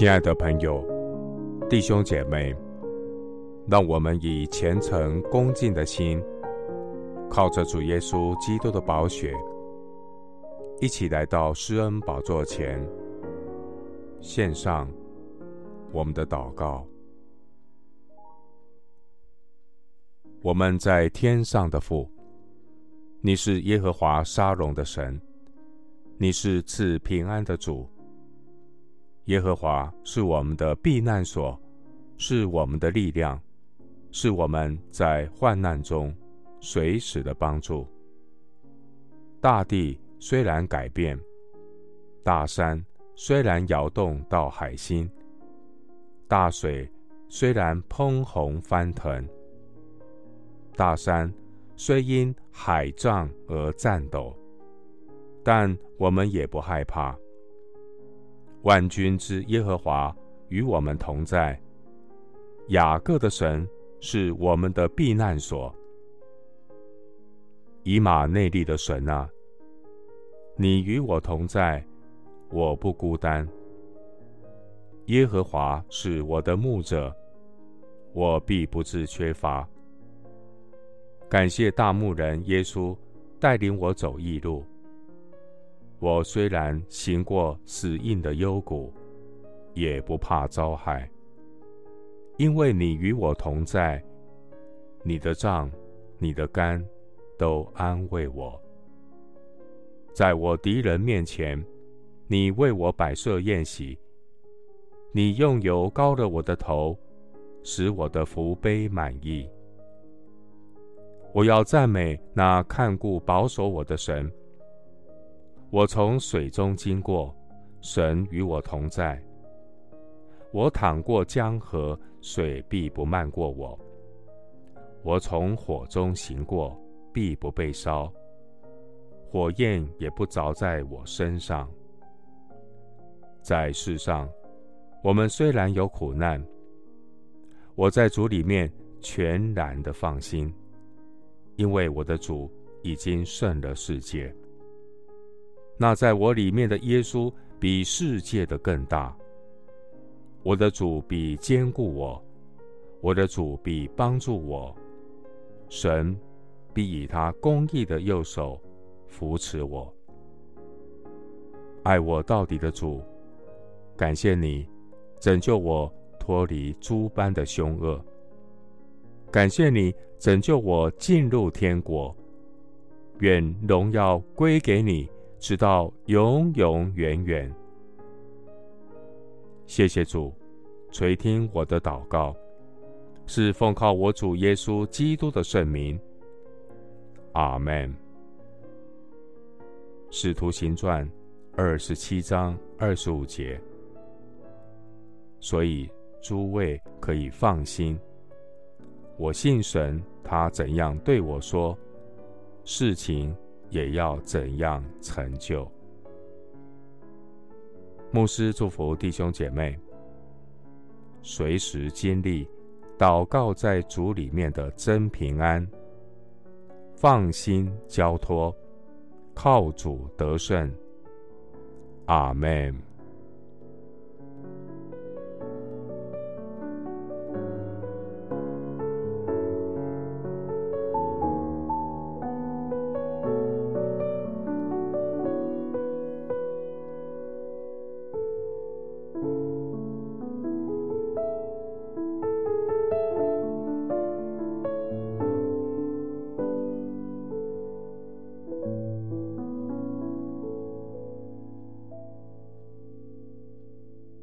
親愛的朋友、弟兄姐妹，讓我們以虔誠恭敬的心，靠着主耶穌基督的寶血，一起來到施恩寶座前，獻上我們的禱告。我們在天上的父，你是耶和華沙龍的神，你是賜平安的主。耶和華是我們的避難所，是我們的力量，是我們在患難中隨時的幫助。大地雖然改變，大山雖然搖動到海心，大水雖然匉訇翻騰，大山雖因海漲而戰抖，但我們也不害怕。萬軍之耶和華與我們同在。雅各的神是我們的避難所。以馬內利的神啊，你與我同在，我不孤單。耶和華是我的牧者，我必不致缺乏。感謝大牧人耶穌帶領我走義路。我雖然行過死蔭的幽谷，也不怕遭害，因為你與我同在，你的杖、你的竿都安慰我。在我敵人面前，你為我擺設宴席，你用油膏了我的頭，使我的福杯滿溢。我要讚美那看顧保守我的神。我從水中經過，神與我同在。我淌過江河，水必不漫過我。我從火中行過，必不被燒，火焰也不着在我身上。在世上，我們雖然有苦難，我在主裡面全然的放心，因為我的主已經勝了世界。那在我裡面的耶穌比世界的更大。我的主必堅固我，我的主必幫助我，神必以他公義的右手扶持我。愛我到底的主，感謝你拯救我脫離諸般的凶惡。感謝你拯救我進入天國。願榮耀歸給你。直到永永遠遠。謝謝主垂聽我的禱告，是奉靠我主耶穌基督的聖名。阿門。使徒行傳二十七章二十五節。所以諸位可以放心，我信神，他怎樣對我說事情。也要怎樣成就。牧師祝福弟兄姐妹，隨時盡力禱告，在主裡面的真平安，放心交託，靠主得勝。阿門。